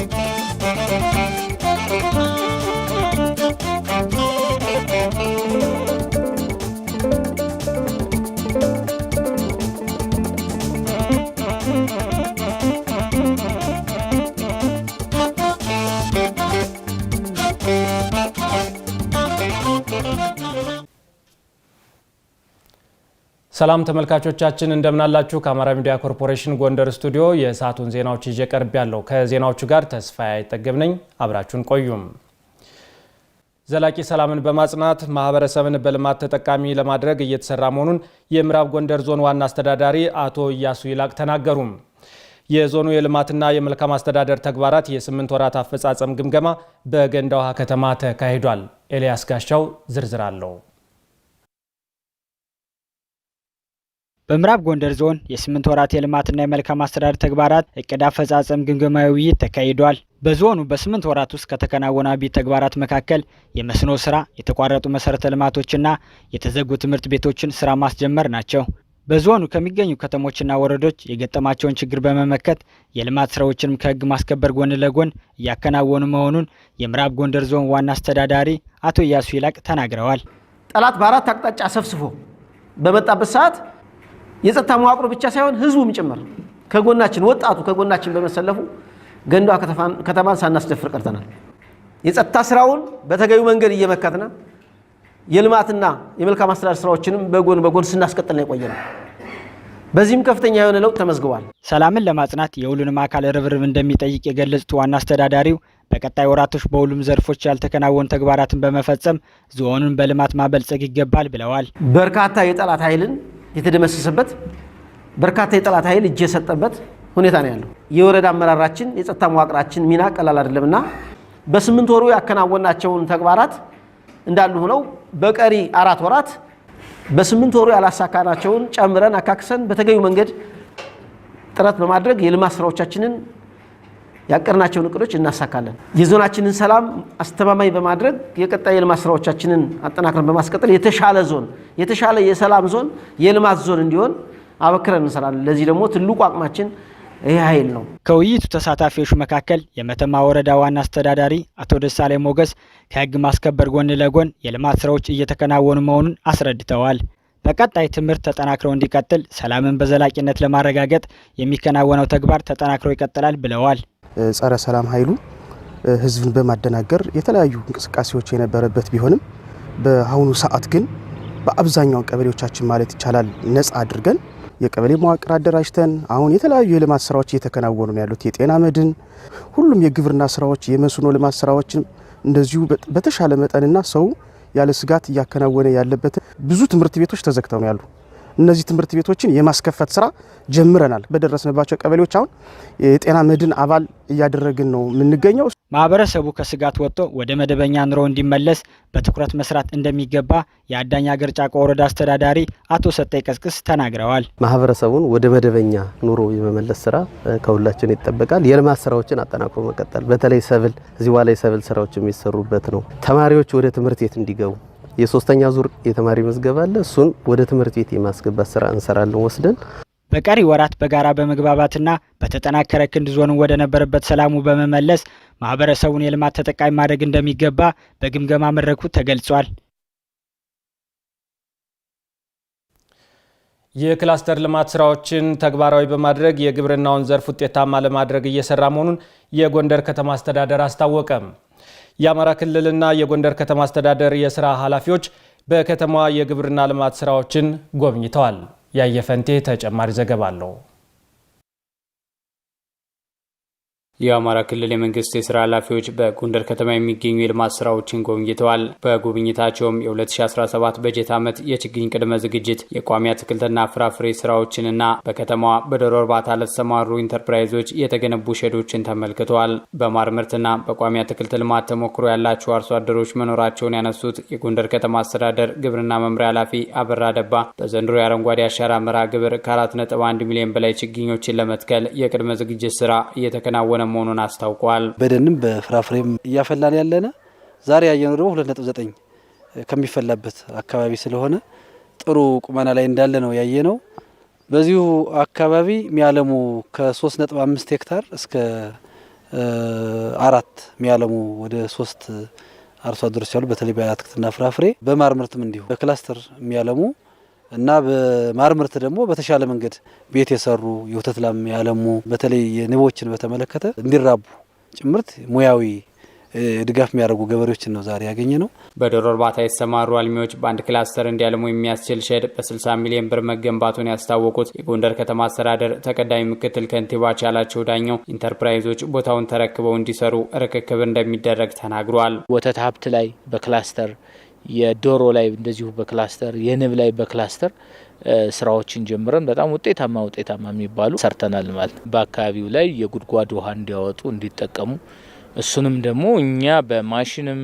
Okay. ሰላም ተመልካቾቻችን እንደምናላችሁ። ከአማራ ሚዲያ ኮርፖሬሽን ጎንደር ስቱዲዮ የሰዓቱን ዜናዎች ይዤ ቀርብ ያለው ከዜናዎቹ ጋር ተስፋ አይጠገብ ነኝ። አብራችሁን ቆዩም። ዘላቂ ሰላምን በማጽናት ማህበረሰብን በልማት ተጠቃሚ ለማድረግ እየተሰራ መሆኑን የምዕራብ ጎንደር ዞን ዋና አስተዳዳሪ አቶ እያሱ ይላቅ ተናገሩ። የዞኑ የልማትና የመልካም አስተዳደር ተግባራት የስምንት ወራት አፈጻጸም ግምገማ በገንዳ ውሃ ከተማ ተካሂዷል። ኤልያስ ጋሻው ዝርዝር አለው። በምዕራብ ጎንደር ዞን የስምንት ወራት የልማትና የመልካም አስተዳደር ተግባራት እቅድ አፈጻጸም ግምገማዊ ውይይት ተካሂዷል። በዞኑ በስምንት ወራት ውስጥ ከተከናወኑ አብይ ተግባራት መካከል የመስኖ ስራ፣ የተቋረጡ መሰረተ ልማቶችና የተዘጉ ትምህርት ቤቶችን ስራ ማስጀመር ናቸው። በዞኑ ከሚገኙ ከተሞችና ወረዶች የገጠማቸውን ችግር በመመከት የልማት ስራዎችንም ከህግ ማስከበር ጎን ለጎን እያከናወኑ መሆኑን የምዕራብ ጎንደር ዞን ዋና አስተዳዳሪ አቶ እያሱ ይላቅ ተናግረዋል። ጠላት በአራት አቅጣጫ ሰብስፎ በመጣበት ሰዓት የጸጥታ መዋቅሩ ብቻ ሳይሆን ህዝቡም ጭምር ከጎናችን ወጣቱ ከጎናችን በመሰለፉ ገንዷ ከተማን ሳናስደፍር ቀርተናል። የጸጥታ ስራውን በተገዩ መንገድ እየመከትና የልማትና የመልካም አስተዳደር ስራዎችንም በጎን በጎን ስናስቀጥል ነው በዚህም ከፍተኛ የሆነ ለውጥ ተመዝግቧል። ሰላምን ለማጽናት የሁሉንም አካል ርብርብ እንደሚጠይቅ የገለጹት ዋና አስተዳዳሪው በቀጣይ ወራቶች በሁሉም ዘርፎች ያልተከናወኑ ተግባራትን በመፈጸም ዞኑን በልማት ማበልጸግ ይገባል ብለዋል። በርካታ የጠላት ኃይልን የተደመሰሰበት በርካታ የጠላት ኃይል እጅ የሰጠበት ሁኔታ ነው ያለው። የወረዳ አመራራችን የጸጥታ መዋቅራችን ሚና ቀላል አይደለም በስምንት ወሩ ያከናወናቸውን ተግባራት እንዳሉ ሆነው በቀሪ አራት ወራት በስምንት ወሩ ያላሳካናቸውን ጨምረን አካክሰን በተገቢው መንገድ ጥረት በማድረግ የልማት ስራዎቻችንን ያቀድናቸውን እቅዶች እናሳካለን። የዞናችንን ሰላም አስተማማኝ በማድረግ የቀጣይ የልማት ስራዎቻችንን አጠናክረን በማስቀጠል የተሻለ ዞን የተሻለ የሰላም ዞን የልማት ዞን እንዲሆን አበክረን እንሰራለን። ለዚህ ደግሞ ትልቁ አቅማችን ይህ ኃይል ነው። ከውይይቱ ተሳታፊዎች መካከል የመተማ ወረዳ ዋና አስተዳዳሪ አቶ ደሳሌ ሞገስ ከህግ ማስከበር ጎን ለጎን የልማት ስራዎች እየተከናወኑ መሆኑን አስረድተዋል። በቀጣይ ትምህርት ተጠናክረው እንዲቀጥል ሰላምን በዘላቂነት ለማረጋገጥ የሚከናወነው ተግባር ተጠናክሮ ይቀጥላል ብለዋል። ጸረ ሰላም ኃይሉ ህዝብን በማደናገር የተለያዩ እንቅስቃሴዎች የነበረበት ቢሆንም በአሁኑ ሰዓት ግን በአብዛኛው ቀበሌዎቻችን ማለት ይቻላል ነጻ አድርገን የቀበሌ መዋቅር አደራጅተን አሁን የተለያዩ የልማት ስራዎች እየተከናወኑ ነው ያሉት። የጤና መድን፣ ሁሉም የግብርና ስራዎች፣ የመስኖ ልማት ስራዎችም እንደዚሁ በተሻለ መጠንና ሰው ያለ ስጋት እያከናወነ ያለበት ብዙ ትምህርት ቤቶች ተዘግተው ነው ያሉ። እነዚህ ትምህርት ቤቶችን የማስከፈት ስራ ጀምረናል። በደረስንባቸው ቀበሌዎች አሁን የጤና መድን አባል እያደረግን ነው የምንገኘው። ማህበረሰቡ ከስጋት ወጥቶ ወደ መደበኛ ኑሮ እንዲመለስ በትኩረት መስራት እንደሚገባ የአዳኝ ሀገር ጫቆ ወረዳ አስተዳዳሪ አቶ ሰጠይ ቀስቅስ ተናግረዋል። ማህበረሰቡን ወደ መደበኛ ኑሮ የመመለስ ስራ ከሁላችን ይጠበቃል። የልማት ስራዎችን አጠናክሮ መቀጠል፣ በተለይ ሰብል እዚህ ላይ ሰብል ስራዎች የሚሰሩበት ነው። ተማሪዎች ወደ ትምህርት ቤት እንዲገቡ የሶስተኛ ዙር የተማሪ መዝገብ አለ። እሱን ወደ ትምህርት ቤት የማስገባት ስራ እንሰራለን ወስደን በቀሪ ወራት በጋራ በመግባባትና በተጠናከረ ክንድ ዞኑን ወደ ነበረበት ሰላሙ በመመለስ ማህበረሰቡን የልማት ተጠቃሚ ማድረግ እንደሚገባ በግምገማ መድረኩ ተገልጿል። የክላስተር ልማት ስራዎችን ተግባራዊ በማድረግ የግብርናውን ዘርፍ ውጤታማ ለማድረግ እየሰራ መሆኑን የጎንደር ከተማ አስተዳደር አስታወቀም። የአማራ ክልልና የጎንደር ከተማ አስተዳደር የስራ ኃላፊዎች በከተማዋ የግብርና ልማት ስራዎችን ጎብኝተዋል። ያየፈንቴ ተጨማሪ ዘገባ አለው። የአማራ ክልል የመንግስት የስራ ኃላፊዎች በጎንደር ከተማ የሚገኙ የልማት ስራዎችን ጎብኝተዋል። በጉብኝታቸውም የ2017 በጀት ዓመት የችግኝ ቅድመ ዝግጅት፣ የቋሚ አትክልትና ፍራፍሬ ስራዎችንና በከተማዋ በዶሮ እርባታ ለተሰማሩ ኢንተርፕራይዞች የተገነቡ ሼዶችን ተመልክተዋል። በማር ምርትና በቋሚ አትክልት ልማት ተሞክሮ ያላቸው አርሶ አደሮች መኖራቸውን ያነሱት የጎንደር ከተማ አስተዳደር ግብርና መምሪያ ኃላፊ አበራ ደባ በዘንድሮ የአረንጓዴ አሻራ መርሃ ግብር ከ4.1 ሚሊዮን በላይ ችግኞችን ለመትከል የቅድመ ዝግጅት ስራ እየተከናወነ እያፈላን መሆኑን አስታውቋል። በደንም በፍራፍሬም እያፈላን ያለነ ዛሬ ያየነው ደግሞ ሁለት ነጥብ ዘጠኝ ከሚፈላበት አካባቢ ስለሆነ ጥሩ ቁመና ላይ እንዳለ ነው ያየ ነው። በዚሁ አካባቢ የሚያለሙ ከሶስት ነጥብ አምስት ሄክታር እስከ አራት ሚያለሙ ወደ ሶስት አርሶ አደሮች ያሉ በተለይ በአትክልትና ፍራፍሬ በማር ምርትም እንዲሁ በክላስተር የሚያለሙ እና በማር ምርት ደግሞ በተሻለ መንገድ ቤት የሰሩ የወተት ላም ያለሙ በተለይ የንቦችን በተመለከተ እንዲራቡ ጭምርት ሙያዊ ድጋፍ የሚያደርጉ ገበሬዎችን ነው ዛሬ ያገኘ ነው። በዶሮ እርባታ የተሰማሩ አልሚዎች በአንድ ክላስተር እንዲያለሙ የሚያስችል ሼድ በ60 ሚሊዮን ብር መገንባቱን ያስታወቁት የጎንደር ከተማ አስተዳደር ተቀዳሚ ምክትል ከንቲባ ቻላቸው ዳኘው ኢንተርፕራይዞች ቦታውን ተረክበው እንዲሰሩ ርክክብ እንደሚደረግ ተናግሯል። ወተት ሀብት ላይ በክላስተር የዶሮ ላይ እንደዚሁ በክላስተር የንብ ላይ በክላስተር ስራዎችን ጀምረን በጣም ውጤታማ ውጤታማ የሚባሉ ሰርተናል ማለት ነው። በአካባቢው ላይ የጉድጓድ ውሃ እንዲያወጡ እንዲጠቀሙ እሱንም ደግሞ እኛ በማሽንም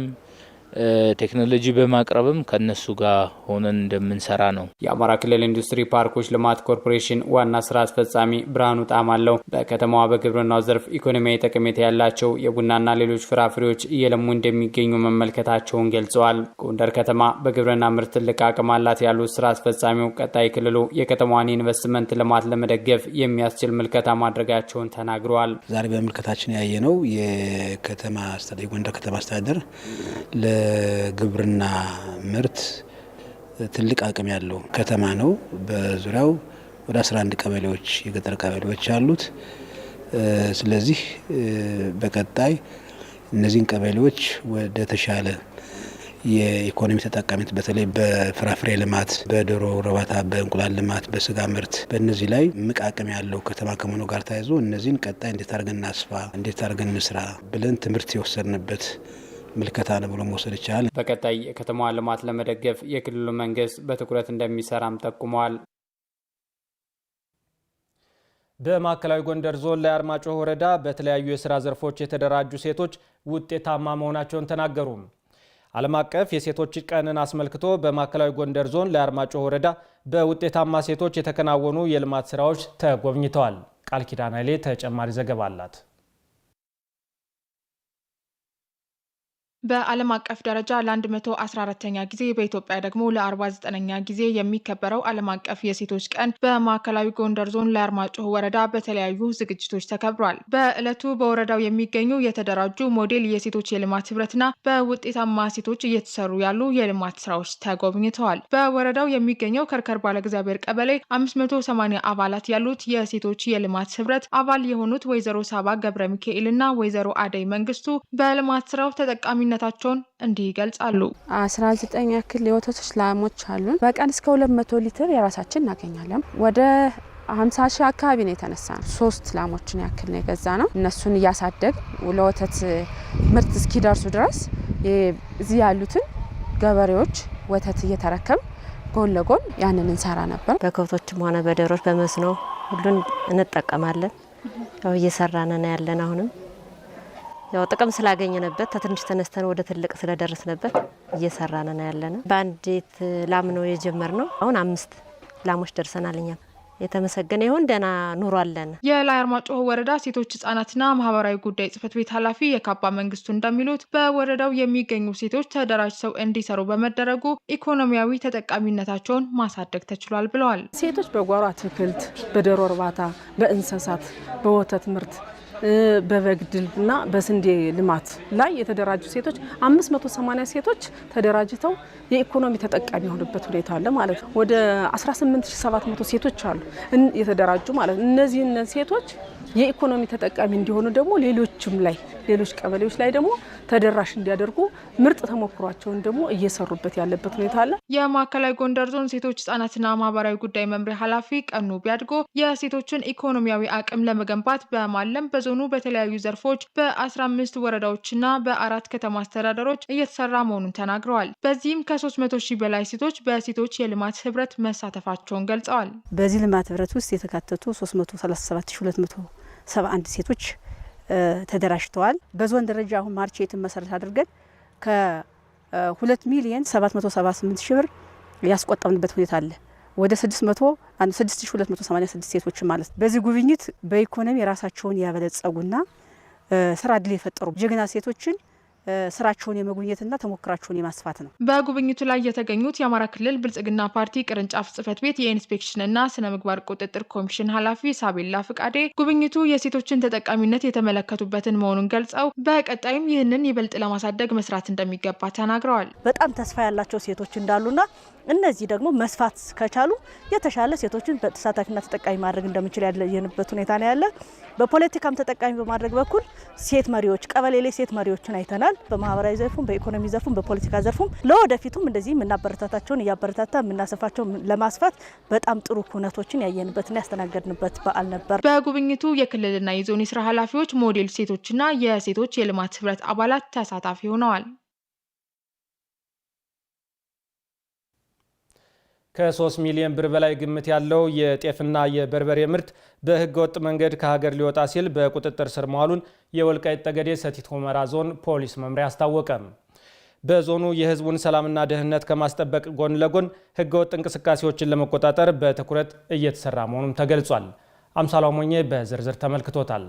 ቴክኖሎጂ በማቅረብም ከነሱ ጋር ሆነን እንደምንሰራ ነው። የአማራ ክልል ኢንዱስትሪ ፓርኮች ልማት ኮርፖሬሽን ዋና ስራ አስፈጻሚ ብርሃኑ ጣማለው በከተማዋ በግብርናው ዘርፍ ኢኮኖሚያዊ ጠቀሜታ ያላቸው የቡናና ሌሎች ፍራፍሬዎች እየለሙ እንደሚገኙ መመልከታቸውን ገልጸዋል። ጎንደር ከተማ በግብርና ምርት ትልቅ አቅም አላት ያሉት ስራ አስፈጻሚው ቀጣይ ክልሉ የከተማዋን ኢንቨስትመንት ልማት ለመደገፍ የሚያስችል ምልከታ ማድረጋቸውን ተናግረዋል። ዛሬ በምልከታችን ያየነው የከተማ ጎንደር ከተማ አስተዳደር የግብርና ምርት ትልቅ አቅም ያለው ከተማ ነው። በዙሪያው ወደ 11 ቀበሌዎች የገጠር ቀበሌዎች አሉት። ስለዚህ በቀጣይ እነዚህን ቀበሌዎች ወደ ተሻለ የኢኮኖሚ ተጠቃሚነት በተለይ በፍራፍሬ ልማት፣ በዶሮ እርባታ፣ በእንቁላል ልማት፣ በስጋ ምርት በእነዚህ ላይ እምቅ አቅም ያለው ከተማ ከመሆኑ ጋር ተያይዞ እነዚህን ቀጣይ እንዴት አድርገን እናስፋ፣ እንዴት አድርገን እንስራ ብለን ትምህርት የወሰድንበት ምልከታ ነው ብሎ መውሰድ ይቻላል። በቀጣይ የከተማዋን ልማት ለመደገፍ የክልሉ መንግስት በትኩረት እንደሚሰራም ጠቁመዋል። በማዕከላዊ ጎንደር ዞን ላይ አርማጮ ወረዳ በተለያዩ የስራ ዘርፎች የተደራጁ ሴቶች ውጤታማ መሆናቸውን ተናገሩ። ዓለም አቀፍ የሴቶች ቀንን አስመልክቶ በማዕከላዊ ጎንደር ዞን ላይ አርማጮ ወረዳ በውጤታማ ሴቶች የተከናወኑ የልማት ስራዎች ተጎብኝተዋል። ቃል ኪዳን ኃይሌ ተጨማሪ ዘገባ አላት። በዓለም አቀፍ ደረጃ ለ114ኛ ጊዜ በኢትዮጵያ ደግሞ ለ49ኛ ጊዜ የሚከበረው ዓለም አቀፍ የሴቶች ቀን በማዕከላዊ ጎንደር ዞን ለአርማጭሆ ወረዳ በተለያዩ ዝግጅቶች ተከብሯል። በዕለቱ በወረዳው የሚገኙ የተደራጁ ሞዴል የሴቶች የልማት ህብረትና በውጤታማ ሴቶች እየተሰሩ ያሉ የልማት ስራዎች ተጎብኝተዋል። በወረዳው የሚገኘው ከርከር ባለ እግዚአብሔር ቀበሌ 580 አባላት ያሉት የሴቶች የልማት ህብረት አባል የሆኑት ወይዘሮ ሳባ ገብረ ሚካኤል እና ወይዘሮ አደይ መንግስቱ በልማት ስራው ተጠቃሚ ። ተጠቃሚነታቸውን እንዲህ ይገልጻሉ። 19 ያክል የወተቶች ላሞች አሉን። በቀን እስከ 200 ሊትር የራሳችን እናገኛለን። ወደ ሀምሳ ሺህ አካባቢ ነው የተነሳ ነው። ሶስት ላሞችን ያክል ነው የገዛ ነው። እነሱን እያሳደግ ለወተት ምርት እስኪደርሱ ድረስ እዚህ ያሉትን ገበሬዎች ወተት እየተረከብ ጎን ለጎን ያንን እንሰራ ነበር። በከብቶችም ሆነ በደሮች በመስኖ ሁሉን እንጠቀማለን። እየሰራን ነው ያለን አሁንም ያው ጥቅም ስላገኘንበት ተትንሽ ተነስተን ወደ ትልቅ ስለደረስንበት እየሰራን ነው ያለነው። በአንዲት ላም ነው የጀመርነው። አሁን አምስት ላሞች ደርሰናል እኛም የተመሰገነ ይሁን ደህና ኑሮ አለን። የላይ አርማጭሆ ወረዳ ሴቶች ህጻናትና ማህበራዊ ጉዳይ ጽህፈት ቤት ኃላፊ የካባ መንግስቱ እንደሚሉት በወረዳው የሚገኙ ሴቶች ተደራጅተው እንዲሰሩ በመደረጉ ኢኮኖሚያዊ ተጠቃሚነታቸውን ማሳደግ ተችሏል ብለዋል። ሴቶች በጓሮ አትክልት፣ በዶሮ እርባታ፣ በእንስሳት፣ በወተት ምርት በበግ ድልና በስንዴ ልማት ላይ የተደራጁ ሴቶች 580 ሴቶች ተደራጅተው የኢኮኖሚ ተጠቃሚ የሆኑበት ሁኔታ አለ ማለት ነው። ወደ 18700 ሴቶች አሉ የተደራጁ ማለት ነው። እነዚህን ሴቶች የኢኮኖሚ ተጠቃሚ እንዲሆኑ ደግሞ ሌሎችም ላይ ሌሎች ቀበሌዎች ላይ ደግሞ ተደራሽ እንዲያደርጉ ምርጥ ተሞክሯቸውን ደግሞ እየሰሩበት ያለበት ሁኔታ አለ። የማዕከላዊ ጎንደር ዞን ሴቶች ህጻናትና ማህበራዊ ጉዳይ መምሪያ ኃላፊ ቀኑ ቢያድጎ የሴቶችን ኢኮኖሚያዊ አቅም ለመገንባት በማለም በዞኑ በተለያዩ ዘርፎች በ15 ወረዳዎችና በአራት ከተማ አስተዳደሮች እየተሰራ መሆኑን ተናግረዋል። በዚህም ከ300 ሺህ በላይ ሴቶች በሴቶች የልማት ህብረት መሳተፋቸውን ገልጸዋል። በዚህ ልማት ህብረት ውስጥ የተካተቱ 337200 71 ሴቶች ተደራጅተዋል። በዞን ደረጃ አሁን ማርቼትን መሰረት አድርገን ከ2 ሚሊየን ስምንት ሺህ ብር ያስቆጠምንበት ሁኔታ አለ። ወደ ስድስት ሴቶች ማለት ነው። በዚህ ጉብኝት በኢኮኖሚ ራሳቸውን ያበለጸጉና ስራ እድል የፈጠሩ ጀግና ሴቶችን ስራቸውን የመጉብኘትና ተሞክራቸውን የማስፋት ነው። በጉብኝቱ ላይ የተገኙት የአማራ ክልል ብልጽግና ፓርቲ ቅርንጫፍ ጽህፈት ቤት የኢንስፔክሽንና ስነ ምግባር ቁጥጥር ኮሚሽን ኃላፊ ሳቤላ ፍቃዴ ጉብኝቱ የሴቶችን ተጠቃሚነት የተመለከቱበትን መሆኑን ገልጸው በቀጣይም ይህንን ይበልጥ ለማሳደግ መስራት እንደሚገባ ተናግረዋል። በጣም ተስፋ ያላቸው ሴቶች እንዳሉና እነዚህ ደግሞ መስፋት ከቻሉ የተሻለ ሴቶችን ተሳታፊና ተጠቃሚ ማድረግ እንደምንችል ያለየንበት ሁኔታ ነው ያለ። በፖለቲካም ተጠቃሚ በማድረግ በኩል ሴት መሪዎች ቀበሌ ላይ ሴት መሪዎችን አይተናል። በማህበራዊ ዘርፉም በኢኮኖሚ ዘርፉም በፖለቲካ ዘርፉም ለወደፊቱም እንደዚህ የምናበረታታቸውን እያበረታታ የምናሰፋቸው ለማስፋት በጣም ጥሩ ኩነቶችን ያየንበትና ያስተናገድንበት በዓል ነበር። በጉብኝቱ የክልልና የዞን የስራ ኃላፊዎች፣ ሞዴል ሴቶችና የሴቶች የልማት ህብረት አባላት ተሳታፊ ሆነዋል። ከ3 ሚሊዮን ብር በላይ ግምት ያለው የጤፍና የበርበሬ ምርት በህገወጥ መንገድ ከሀገር ሊወጣ ሲል በቁጥጥር ስር መዋሉን የወልቃይት ጠገዴ ሰቲት ሁመራ ዞን ፖሊስ መምሪያ አስታወቀ። በዞኑ የህዝቡን ሰላምና ደህንነት ከማስጠበቅ ጎን ለጎን ህገወጥ እንቅስቃሴዎችን ለመቆጣጠር በትኩረት እየተሰራ መሆኑም ተገልጿል። አምሳላ ሞኜ በዝርዝር ተመልክቶታል።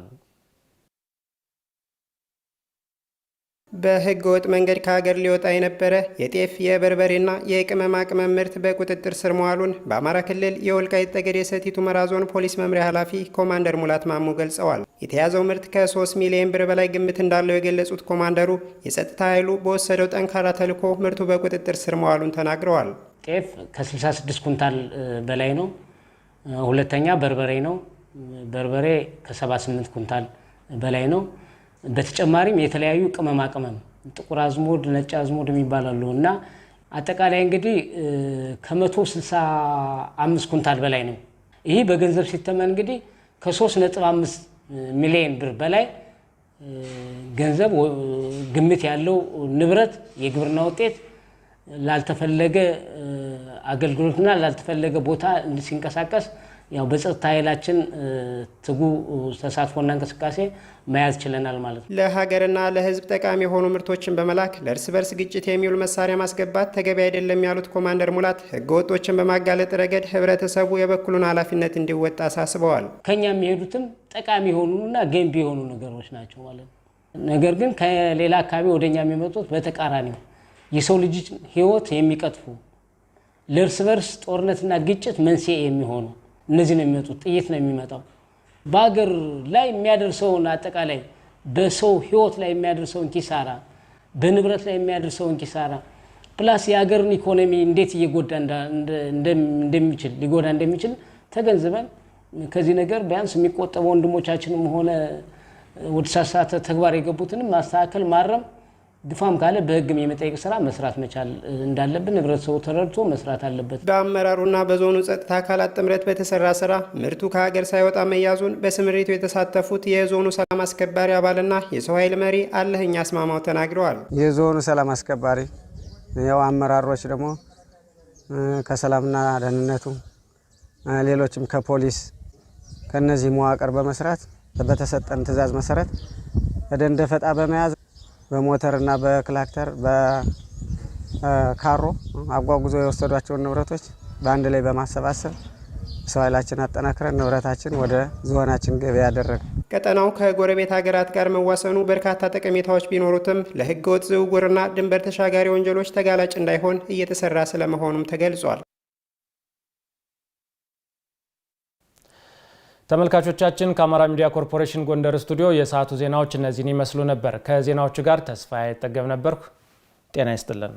በህገ ወጥ መንገድ ከሀገር ሊወጣ የነበረ የጤፍ የበርበሬና የቅመማ ቅመም ምርት በቁጥጥር ስር መዋሉን በአማራ ክልል የወልቃይት ጠገዴ ሰቲት ሁመራ ዞን ፖሊስ መምሪያ ኃላፊ ኮማንደር ሙላት ማሙ ገልጸዋል። የተያዘው ምርት ከ3 ሚሊዮን ብር በላይ ግምት እንዳለው የገለጹት ኮማንደሩ የጸጥታ ኃይሉ በወሰደው ጠንካራ ተልዕኮ ምርቱ በቁጥጥር ስር መዋሉን ተናግረዋል። ጤፍ ከ66 ኩንታል በላይ ነው። ሁለተኛ በርበሬ ነው። በርበሬ ከ78 ኩንታል በላይ ነው። በተጨማሪም የተለያዩ ቅመማ ቅመም ጥቁር አዝሙድ፣ ነጭ አዝሙድ የሚባላሉ እና አጠቃላይ እንግዲህ ከመቶ ስልሳ አምስት ኩንታል በላይ ነው። ይህ በገንዘብ ሲተመን እንግዲህ ከሶስት ነጥብ አምስት ሚሊዮን ብር በላይ ገንዘብ ግምት ያለው ንብረት የግብርና ውጤት ላልተፈለገ አገልግሎትና ላልተፈለገ ቦታ ሲንቀሳቀስ ያው በጸጥታ ኃይላችን ትጉ ተሳትፎና እንቅስቃሴ መያዝ ችለናል ማለት ነው። ለሀገርና ለሕዝብ ጠቃሚ የሆኑ ምርቶችን በመላክ ለእርስ በርስ ግጭት የሚውል መሳሪያ ማስገባት ተገቢ አይደለም ያሉት ኮማንደር ሙላት ሕገ ወጦችን በማጋለጥ ረገድ ህብረተሰቡ የበኩሉን ኃላፊነት እንዲወጣ አሳስበዋል። ከኛ የሚሄዱትም ጠቃሚ የሆኑና ገንቢ የሆኑ ነገሮች ናቸው ማለት ነው። ነገር ግን ከሌላ አካባቢ ወደኛ የሚመጡት በተቃራኒው የሰው ልጅ ሕይወት የሚቀጥፉ ለእርስ በርስ ጦርነትና ግጭት መንስኤ የሚሆኑ እነዚህ ነው የሚመጡት። ጥይት ነው የሚመጣው። በሀገር ላይ የሚያደርሰውን አጠቃላይ በሰው ህይወት ላይ የሚያደርሰውን ኪሳራ፣ በንብረት ላይ የሚያደርሰውን ኪሳራ ፕላስ የሀገርን ኢኮኖሚ እንዴት እየጎዳ እንደሚችል ሊጎዳ እንደሚችል ተገንዝበን ከዚህ ነገር ቢያንስ የሚቆጠበው ወንድሞቻችንም ሆነ ወደ ተሳሳተ ተግባር የገቡትንም ማስተካከል ማረም ድፋም ካለ በህግም የመጠየቅ ስራ መስራት መቻል እንዳለብን ህብረተሰቡ ተረድቶ መስራት አለበት። በአመራሩና በዞኑ ጸጥታ አካላት ጥምረት በተሰራ ስራ ምርቱ ከሀገር ሳይወጣ መያዙን በስምሪቱ የተሳተፉት የዞኑ ሰላም አስከባሪ አባልና የሰው ኃይል መሪ አለህኝ አስማማው ተናግረዋል። የዞኑ ሰላም አስከባሪ ያው አመራሮች ደግሞ ከሰላምና ደህንነቱ ሌሎችም ከፖሊስ ከነዚህ መዋቅር በመስራት በተሰጠን ትዕዛዝ መሰረት ደንደፈጣ በመያዝ በሞተር እና በክላክተር በካሮ አጓጉዞ የወሰዷቸውን ንብረቶች በአንድ ላይ በማሰባሰብ ሰው ኃይላችን አጠናክረን ንብረታችን ወደ ዝሆናችን ገበያ ያደረገ። ቀጠናው ከጎረቤት ሀገራት ጋር መዋሰኑ በርካታ ጠቀሜታዎች ቢኖሩትም ለህገወጥ ዝውውርና ድንበር ተሻጋሪ ወንጀሎች ተጋላጭ እንዳይሆን እየተሰራ ስለመሆኑም ተገልጿል። ተመልካቾቻችን ከአማራ ሚዲያ ኮርፖሬሽን ጎንደር ስቱዲዮ የሰዓቱ ዜናዎች እነዚህን ይመስሉ ነበር። ከዜናዎቹ ጋር ተስፋ አይጠገብ ነበርኩ። ጤና ይስጥልን።